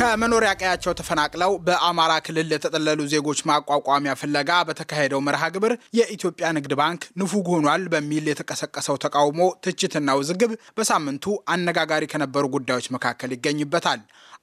ከመኖሪያ ቀያቸው ተፈናቅለው በአማራ ክልል ለተጠለሉ ዜጎች ማቋቋሚያ ፍለጋ በተካሄደው መርሃ ግብር የኢትዮጵያ ንግድ ባንክ ንፉግ ሆኗል በሚል የተቀሰቀሰው ተቃውሞ፣ ትችትና ውዝግብ በሳምንቱ አነጋጋሪ ከነበሩ ጉዳዮች መካከል ይገኝበታል።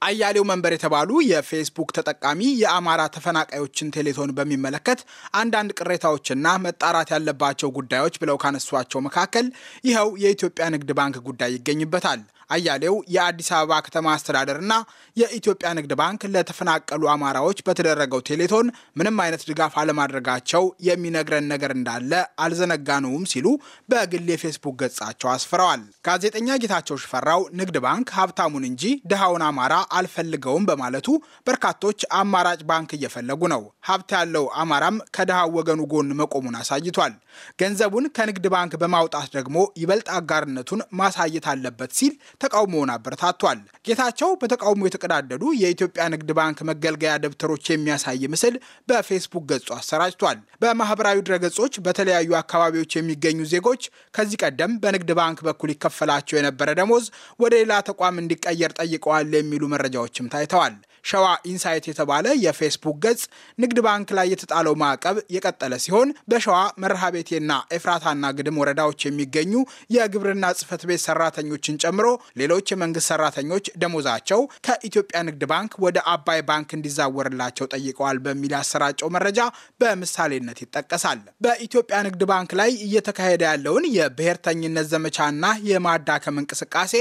አያሌው መንበር የተባሉ የፌስቡክ ተጠቃሚ የአማራ ተፈናቃዮችን ቴሌቶን በሚመለከት አንዳንድ ቅሬታዎችና መጣራት ያለባቸው ጉዳዮች ብለው ካነሷቸው መካከል ይኸው የኢትዮጵያ ንግድ ባንክ ጉዳይ ይገኝበታል። አያሌው የአዲስ አበባ ከተማ አስተዳደርና የኢትዮጵያ ንግድ ባንክ ለተፈናቀሉ አማራዎች በተደረገው ቴሌቶን ምንም አይነት ድጋፍ አለማድረጋቸው የሚነግረን ነገር እንዳለ አልዘነጋነውም ሲሉ በግል የፌስቡክ ገጻቸው አስፍረዋል። ጋዜጠኛ ጌታቸው ሽፈራው ንግድ ባንክ ሀብታሙን እንጂ ድሃውን አማራ አልፈልገውም በማለቱ በርካቶች አማራጭ ባንክ እየፈለጉ ነው። ሀብት ያለው አማራም ከድሃው ወገኑ ጎን መቆሙን አሳይቷል። ገንዘቡን ከንግድ ባንክ በማውጣት ደግሞ ይበልጥ አጋርነቱን ማሳየት አለበት ሲል ተቃውሞውን አበረታቷል። ጌታቸው በተቃውሞ የተቀዳደዱ የኢትዮጵያ ንግድ ባንክ መገልገያ ደብተሮች የሚያሳይ ምስል በፌስቡክ ገጹ አሰራጭቷል። በማህበራዊ ድረገጾች በተለያዩ አካባቢዎች የሚገኙ ዜጎች ከዚህ ቀደም በንግድ ባንክ በኩል ይከፈላቸው የነበረ ደሞዝ ወደ ሌላ ተቋም እንዲቀየር ጠይቀዋል የሚሉ መረጃዎችም ታይተዋል። ሸዋ ኢንሳይት የተባለ የፌስቡክ ገጽ ንግድ ባንክ ላይ የተጣለው ማዕቀብ የቀጠለ ሲሆን በሸዋ መርሃቤቴና ኤፍራታና ግድም ወረዳዎች የሚገኙ የግብርና ጽፈት ቤት ሰራተኞችን ጨምሮ ሌሎች የመንግስት ሰራተኞች ደሞዛቸው ከኢትዮጵያ ንግድ ባንክ ወደ አባይ ባንክ እንዲዛወርላቸው ጠይቀዋል በሚል ያሰራጨው መረጃ በምሳሌነት ይጠቀሳል። በኢትዮጵያ ንግድ ባንክ ላይ እየተካሄደ ያለውን የብሔርተኝነት ዘመቻና የማዳከም እንቅስቃሴ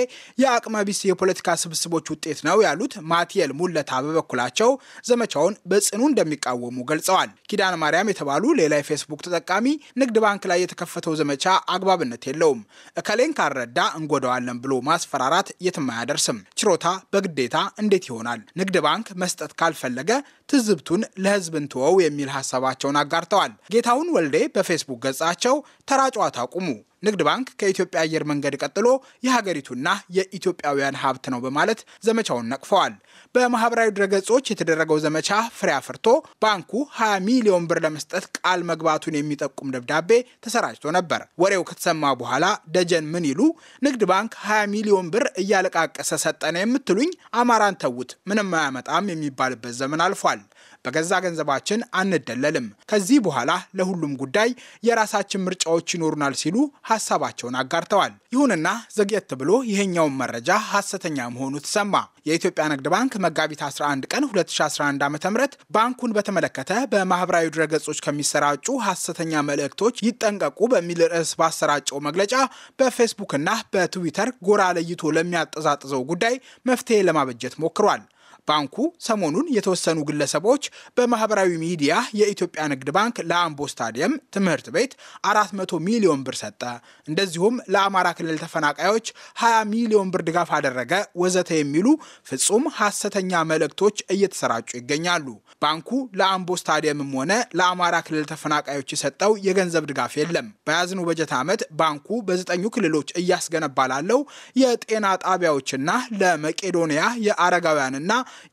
የአቅመቢስ የፖለቲካ ስብስቦች ውጤት ነው ያሉት ማቲየል ሙለታ በበኩላቸው ዘመቻውን በጽኑ እንደሚቃወሙ ገልጸዋል። ኪዳነ ማርያም የተባሉ ሌላ የፌስቡክ ተጠቃሚ ንግድ ባንክ ላይ የተከፈተው ዘመቻ አግባብነት የለውም፣ እከሌን ካልረዳ እንጎዳዋለን ብሎ ማስፈራራት የትም አያደርስም። ችሮታ በግዴታ እንዴት ይሆናል? ንግድ ባንክ መስጠት ካልፈለገ ትዝብቱን ለህዝብ እንትወው የሚል ሀሳባቸውን አጋርተዋል። ጌታሁን ወልዴ በፌስቡክ ገጻቸው ተራ ጨዋታ አቁሙ ንግድ ባንክ ከኢትዮጵያ አየር መንገድ ቀጥሎ የሀገሪቱና የኢትዮጵያውያን ሀብት ነው በማለት ዘመቻውን ነቅፈዋል። በማህበራዊ ድረገጾች የተደረገው ዘመቻ ፍሬ አፍርቶ ባንኩ 20 ሚሊዮን ብር ለመስጠት ቃል መግባቱን የሚጠቁም ደብዳቤ ተሰራጭቶ ነበር። ወሬው ከተሰማ በኋላ ደጀን ምን ይሉ ንግድ ባንክ 20 ሚሊዮን ብር እያለቃቀሰ ሰጠነ የምትሉኝ አማራን ተዉት፣ ምንም አያመጣም የሚባልበት ዘመን አልፏል። በገዛ ገንዘባችን አንደለልም። ከዚህ በኋላ ለሁሉም ጉዳይ የራሳችን ምርጫዎች ይኖሩናል ሲሉ ሀሳባቸውን አጋርተዋል። ይሁንና ዘግየት ብሎ ይሄኛውን መረጃ ሀሰተኛ መሆኑ ተሰማ። የኢትዮጵያ ንግድ ባንክ መጋቢት 11 ቀን 2011 ዓ ም ባንኩን በተመለከተ በማህበራዊ ድረገጾች ከሚሰራጩ ሀሰተኛ መልእክቶች ይጠንቀቁ በሚል ርዕስ ባሰራጨው መግለጫ በፌስቡክና በትዊተር ጎራ ለይቶ ለሚያጠዛጥዘው ጉዳይ መፍትሄ ለማበጀት ሞክሯል። ባንኩ ሰሞኑን የተወሰኑ ግለሰቦች በማህበራዊ ሚዲያ የኢትዮጵያ ንግድ ባንክ ለአምቦ ስታዲየም ትምህርት ቤት 400 ሚሊዮን ብር ሰጠ፣ እንደዚሁም ለአማራ ክልል ተፈናቃዮች 20 ሚሊዮን ብር ድጋፍ አደረገ ወዘተ የሚሉ ፍጹም ሐሰተኛ መልእክቶች እየተሰራጩ ይገኛሉ። ባንኩ ለአምቦ ስታዲየምም ሆነ ለአማራ ክልል ተፈናቃዮች የሰጠው የገንዘብ ድጋፍ የለም። በያዝኑ በጀት ዓመት ባንኩ በዘጠኙ ክልሎች እያስገነባ ላለው የጤና ጣቢያዎችና ለመቄዶንያ የአረጋውያንና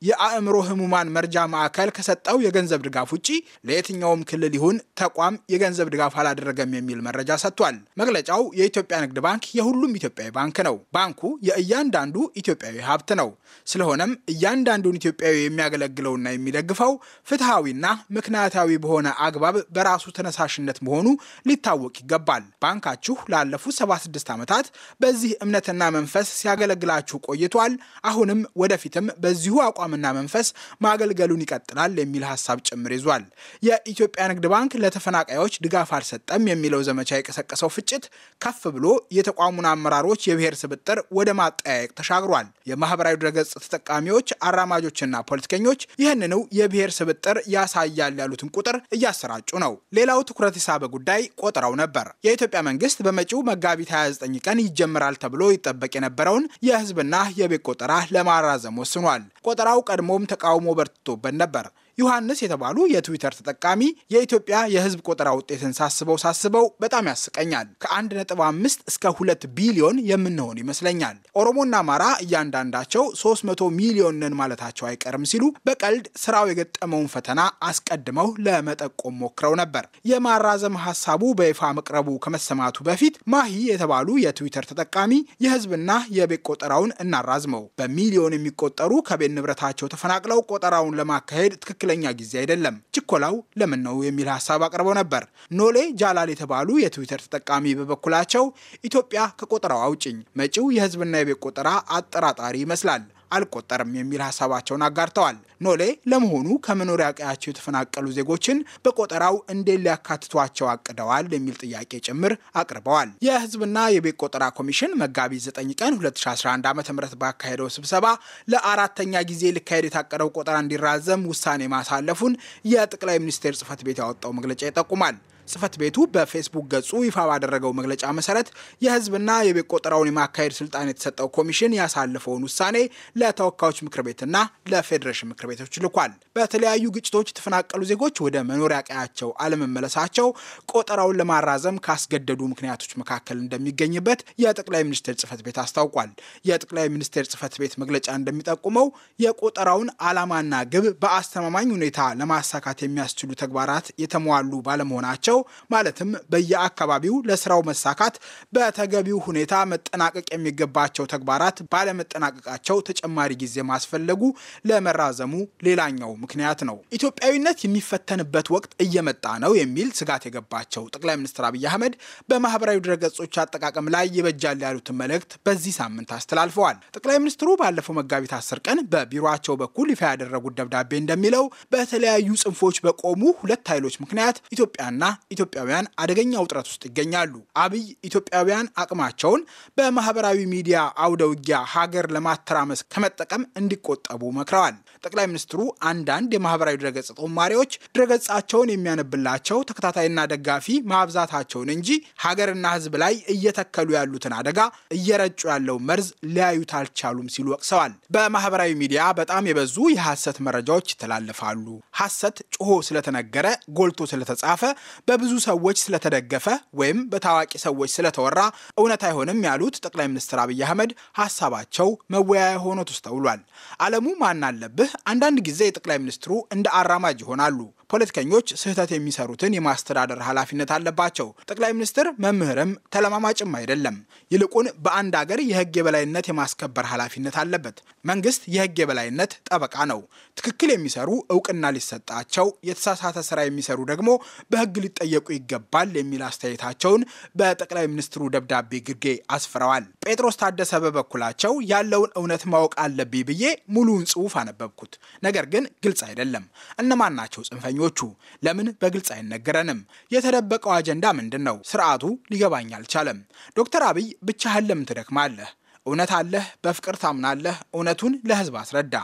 የአእምሮ ህሙማን መርጃ ማዕከል ከሰጠው የገንዘብ ድጋፍ ውጪ ለየትኛውም ክልል ይሁን ተቋም የገንዘብ ድጋፍ አላደረገም የሚል መረጃ ሰጥቷል። መግለጫው የኢትዮጵያ ንግድ ባንክ የሁሉም ኢትዮጵያዊ ባንክ ነው። ባንኩ የእያንዳንዱ ኢትዮጵያዊ ሀብት ነው። ስለሆነም እያንዳንዱን ኢትዮጵያዊ የሚያገለግለውና የሚደግፈው ፍትሐዊና ምክንያታዊ በሆነ አግባብ በራሱ ተነሳሽነት መሆኑ ሊታወቅ ይገባል። ባንካችሁ ላለፉት 76 ዓመታት በዚህ እምነትና መንፈስ ሲያገለግላችሁ ቆይቷል። አሁንም ወደፊትም በዚሁ አቋምና መንፈስ ማገልገሉን ይቀጥላል የሚል ሀሳብ ጭምር ይዟል። የኢትዮጵያ ንግድ ባንክ ለተፈናቃዮች ድጋፍ አልሰጠም የሚለው ዘመቻ የቀሰቀሰው ፍጭት ከፍ ብሎ የተቋሙን አመራሮች የብሔር ስብጥር ወደ ማጠያየቅ ተሻግሯል። የማህበራዊ ድረገጽ ተጠቃሚዎች፣ አራማጆችና ፖለቲከኞች ይህንኑ የብሔር ስብጥር ያሳያል ያሉትን ቁጥር እያሰራጩ ነው። ሌላው ትኩረት የሳበ ጉዳይ ቆጠራው ነበር። የኢትዮጵያ መንግስት በመጪው መጋቢት 29 ቀን ይጀምራል ተብሎ ይጠበቅ የነበረውን የህዝብና የቤት ቆጠራ ለማራዘም ወስኗል። ቆጠራው ቀድሞም ተቃውሞ በርትቶበት ነበር። ዮሐንስ የተባሉ የትዊተር ተጠቃሚ የኢትዮጵያ የህዝብ ቆጠራ ውጤትን ሳስበው ሳስበው በጣም ያስቀኛል። ከ ከ1.5 እስከ 2 ቢሊዮን የምንሆን ይመስለኛል። ኦሮሞና አማራ እያንዳንዳቸው 300 ሚሊዮን ነን ማለታቸው አይቀርም ሲሉ በቀልድ ስራው የገጠመውን ፈተና አስቀድመው ለመጠቆም ሞክረው ነበር። የማራዘም ሀሳቡ በይፋ መቅረቡ ከመሰማቱ በፊት ማሂ የተባሉ የትዊተር ተጠቃሚ የህዝብና የቤት ቆጠራውን እናራዝመው፣ በሚሊዮን የሚቆጠሩ ከቤት ንብረታቸው ተፈናቅለው ቆጠራውን ለማካሄድ ትክክለኛ ጊዜ አይደለም፣ ችኮላው ለምን ነው የሚል ሀሳብ አቅርበው ነበር። ኖሌ ጃላል የተባሉ የትዊተር ተጠቃሚ በበኩላቸው ኢትዮጵያ ከቆጠራው አውጭኝ፣ መጪው የህዝብና የቤት ቆጠራ አጠራጣሪ ይመስላል አልቆጠርም የሚል ሀሳባቸውን አጋርተዋል። ኖሌ ለመሆኑ ከመኖሪያ ቀያቸው የተፈናቀሉ ዜጎችን በቆጠራው እንዴት ሊያካትቷቸው አቅደዋል የሚል ጥያቄ ጭምር አቅርበዋል። የህዝብና የቤት ቆጠራ ኮሚሽን መጋቢት 9 ቀን 2011 ዓ ም ባካሄደው ስብሰባ ለአራተኛ ጊዜ ሊካሄድ የታቀደው ቆጠራ እንዲራዘም ውሳኔ ማሳለፉን የጠቅላይ ሚኒስቴር ጽህፈት ቤት ያወጣው መግለጫ ይጠቁማል። ጽህፈት ቤቱ በፌስቡክ ገጹ ይፋ ባደረገው መግለጫ መሰረት የህዝብና የቤት ቆጠራውን የማካሄድ ስልጣን የተሰጠው ኮሚሽን ያሳለፈውን ውሳኔ ለተወካዮች ምክር ቤትና ለፌዴሬሽን ምክር ቤቶች ልኳል። በተለያዩ ግጭቶች የተፈናቀሉ ዜጎች ወደ መኖሪያ ቀያቸው አለመመለሳቸው ቆጠራውን ለማራዘም ካስገደዱ ምክንያቶች መካከል እንደሚገኝበት የጠቅላይ ሚኒስቴር ጽህፈት ቤት አስታውቋል። የጠቅላይ ሚኒስቴር ጽህፈት ቤት መግለጫ እንደሚጠቁመው የቆጠራውን ዓላማና ግብ በአስተማማኝ ሁኔታ ለማሳካት የሚያስችሉ ተግባራት የተሟሉ ባለመሆናቸው ናቸው። ማለትም በየአካባቢው ለስራው መሳካት በተገቢው ሁኔታ መጠናቀቅ የሚገባቸው ተግባራት ባለመጠናቀቃቸው ተጨማሪ ጊዜ ማስፈለጉ ለመራዘሙ ሌላኛው ምክንያት ነው። ኢትዮጵያዊነት የሚፈተንበት ወቅት እየመጣ ነው የሚል ስጋት የገባቸው ጠቅላይ ሚኒስትር አብይ አህመድ በማህበራዊ ድረገጾች አጠቃቀም ላይ ይበጃል ያሉትን መልእክት በዚህ ሳምንት አስተላልፈዋል። ጠቅላይ ሚኒስትሩ ባለፈው መጋቢት አስር ቀን በቢሮቸው በኩል ይፋ ያደረጉት ደብዳቤ እንደሚለው በተለያዩ ጽንፎች በቆሙ ሁለት ኃይሎች ምክንያት ኢትዮጵያና ኢትዮጵያውያን አደገኛ ውጥረት ውስጥ ይገኛሉ። አብይ ኢትዮጵያውያን አቅማቸውን በማህበራዊ ሚዲያ አውደ ውጊያ ሀገር ለማተራመስ ከመጠቀም እንዲቆጠቡ መክረዋል። ጠቅላይ ሚኒስትሩ አንዳንድ የማህበራዊ ድረገጽ ጦማሪዎች ድረገጻቸውን የሚያነብላቸው ተከታታይና ደጋፊ ማብዛታቸውን እንጂ ሀገርና ሕዝብ ላይ እየተከሉ ያሉትን አደጋ እየረጩ ያለው መርዝ ሊያዩት አልቻሉም ሲሉ ወቅሰዋል። በማህበራዊ ሚዲያ በጣም የበዙ የሐሰት መረጃዎች ይተላለፋሉ። ሐሰት ጮሆ ስለተነገረ ጎልቶ ስለተጻፈ በ በብዙ ሰዎች ስለተደገፈ ወይም በታዋቂ ሰዎች ስለተወራ እውነት አይሆንም ያሉት ጠቅላይ ሚኒስትር አብይ አህመድ ሀሳባቸው መወያያ ሆኖ ተስተውሏል። አለሙ ማን አለብህ አንዳንድ ጊዜ የጠቅላይ ሚኒስትሩ እንደ አራማጅ ይሆናሉ። ፖለቲከኞች ስህተት የሚሰሩትን የማስተዳደር ኃላፊነት አለባቸው። ጠቅላይ ሚኒስትር መምህርም ተለማማጭም አይደለም። ይልቁን በአንድ አገር የህግ የበላይነት የማስከበር ኃላፊነት አለበት። መንግስት የህግ የበላይነት ጠበቃ ነው። ትክክል የሚሰሩ እውቅና ሊሰጣቸው፣ የተሳሳተ ስራ የሚሰሩ ደግሞ በህግ ሊጠየቁ ይገባል የሚል አስተያየታቸውን በጠቅላይ ሚኒስትሩ ደብዳቤ ግርጌ አስፍረዋል። ጴጥሮስ ታደሰ በበኩላቸው ያለውን እውነት ማወቅ አለብኝ ብዬ ሙሉውን ጽሁፍ አነበብኩት። ነገር ግን ግልጽ አይደለም። እነማን ናቸው ጽንፈኞ አራማጆቹ ለምን በግልጽ አይነገረንም? የተደበቀው አጀንዳ ምንድን ነው? ስርዓቱ ሊገባኝ አልቻለም። ዶክተር አብይ ብቻህን ለምን ትደክማለህ? እውነት አለህ፣ በፍቅር ታምናለህ፣ እውነቱን ለህዝብ አስረዳ።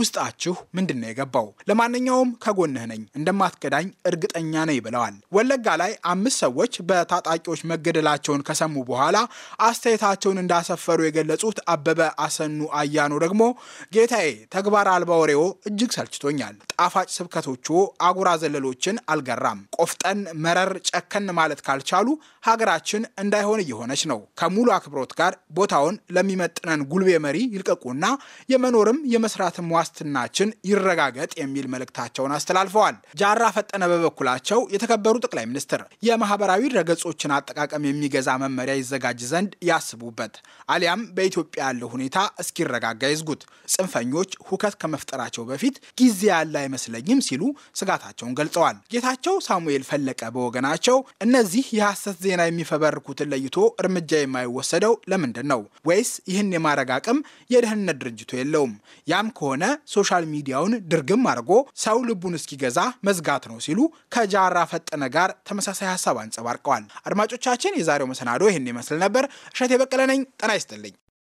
ውስጣችሁ ምንድን ነው የገባው? ለማንኛውም ከጎንህ ነኝ፣ እንደማትገዳኝ እርግጠኛ ነኝ ብለዋል። ወለጋ ላይ አምስት ሰዎች በታጣቂዎች መገደላቸውን ከሰሙ በኋላ አስተያየታቸውን እንዳሰፈሩ የገለጹት አበበ አሰኑ አያኑ ደግሞ ጌታዬ፣ ተግባር አልባ ወሬዎ እጅግ ሰልችቶኛል። ጣፋጭ ስብከቶቹ አጉራ ዘለሎችን አልገራም። ቆፍጠን፣ መረር፣ ጨከን ማለት ካልቻሉ ሀገራችን እንዳይሆን እየሆነች ነው። ከሙሉ አክብሮት ጋር ቦታውን ለ የሚመጥነን ጉልቤ መሪ ይልቀቁና የመኖርም የመስራትም ዋስትናችን ይረጋገጥ የሚል መልእክታቸውን አስተላልፈዋል። ጃራ ፈጠነ በበኩላቸው የተከበሩ ጠቅላይ ሚኒስትር የማህበራዊ ድረገጾችን አጠቃቀም የሚገዛ መመሪያ ይዘጋጅ ዘንድ ያስቡበት፣ አሊያም በኢትዮጵያ ያለው ሁኔታ እስኪረጋጋ ይዝጉት። ጽንፈኞች ሁከት ከመፍጠራቸው በፊት ጊዜ ያለ አይመስለኝም ሲሉ ስጋታቸውን ገልጸዋል። ጌታቸው ሳሙኤል ፈለቀ በወገናቸው እነዚህ የሐሰት ዜና የሚፈበርኩትን ለይቶ እርምጃ የማይወሰደው ለምንድን ነው? ወይስ ይህን የማድረግ አቅም የደህንነት ድርጅቱ የለውም። ያም ከሆነ ሶሻል ሚዲያውን ድርግም አድርጎ ሰው ልቡን እስኪገዛ መዝጋት ነው ሲሉ ከጃራ ፈጠነ ጋር ተመሳሳይ ሀሳብ አንጸባርቀዋል። አድማጮቻችን፣ የዛሬው መሰናዶ ይህን ይመስል ነበር። እሸት የበቀለ ነኝ። ጤና ይስጥልኝ።